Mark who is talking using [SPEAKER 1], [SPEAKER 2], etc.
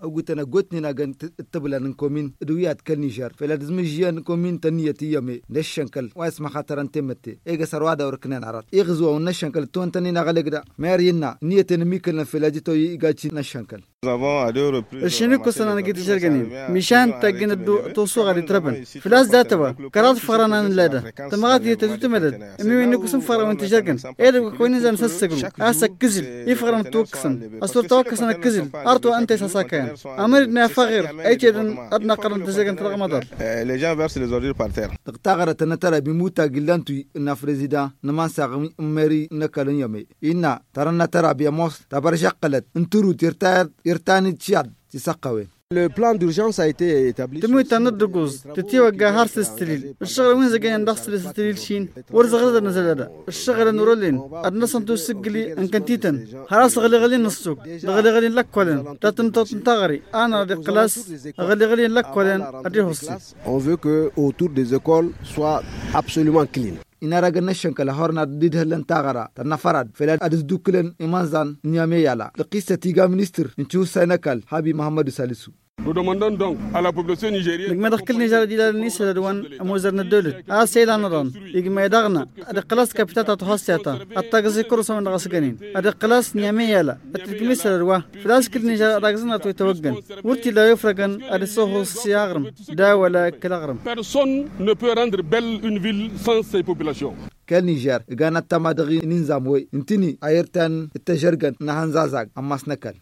[SPEAKER 1] أقولتنا قوتني ناقن تبلا نكومين دويات كل نيجر فلا دزم جيان كومين تنيتي يمي نشنكل واسم خاطر انتمتي إيجا سروادا وركنان عرات إغزوا ونشنكل تون دا نميكلنا فلا جيتو نشنكل
[SPEAKER 2] شنو كسنا نجد شرقني مشان تجن الدو توسو غادي تربن فلاس ذاتها كرات فرانا نلادا تمغات يتدت مدد امي انو كسن فرا وانت شرقن ايد كوين زان سسقل اسك كزل يفرن توكسن اصل توكسن كزل ارتو انت ساساكان امرنا فغير اي تدن ادنا قرن تزقن ترغ مدر لي جان فيرس لي زورير بارتير
[SPEAKER 1] تقتغر تنترى بموتا جلانتو ان فريزيدا نمان ساغ مري نكلن يمي ان ترى نترى بيموس تبرشقلت انترو تيرتار irtaanichiyaad
[SPEAKER 2] tisaqawen Le plan d'urgence a été établi. Temu tanad duguz, tati waga har sistril. Shagla win zaga yan dakhsil sistril shin. War zagra da nazalada. Shagla nurulin. Adna santu sigli ankantitan. Haras gali gali nasuk. Gali gali lakwalen. Tatin tatin tagari.
[SPEAKER 1] Ana de klas.
[SPEAKER 2] Gali gali lakwalen. Adi hosli.
[SPEAKER 1] On veut que autour des écoles soit absolument clean. inaragan shankala horna didhelen tagara tanna farad fela adis dukulen imanzan nyame yala liqisa tiga minister nchu sainakal habi
[SPEAKER 2] muhammadu salisu دغمدغ كل نجار دي دار نيس لدوان موزرنا الدولت آ سيلان ران إغما يدغنا أدي قلاس كابتاتا تحسياتا أتاقزي كرسا من دغسكنين أدي قلاس نيامي يالا لدوا فلاس كل نجار راقزنا توي ورتي لا يفرقن أدي صوهو سياغرم دا ولا كلاغرم Personne ne peut rendre belle une ville sans ses populations.
[SPEAKER 1] كال نيجر غانا تما دغي نينزاموي انتني ايرتان التجرغن نهان زازاك اماس نكال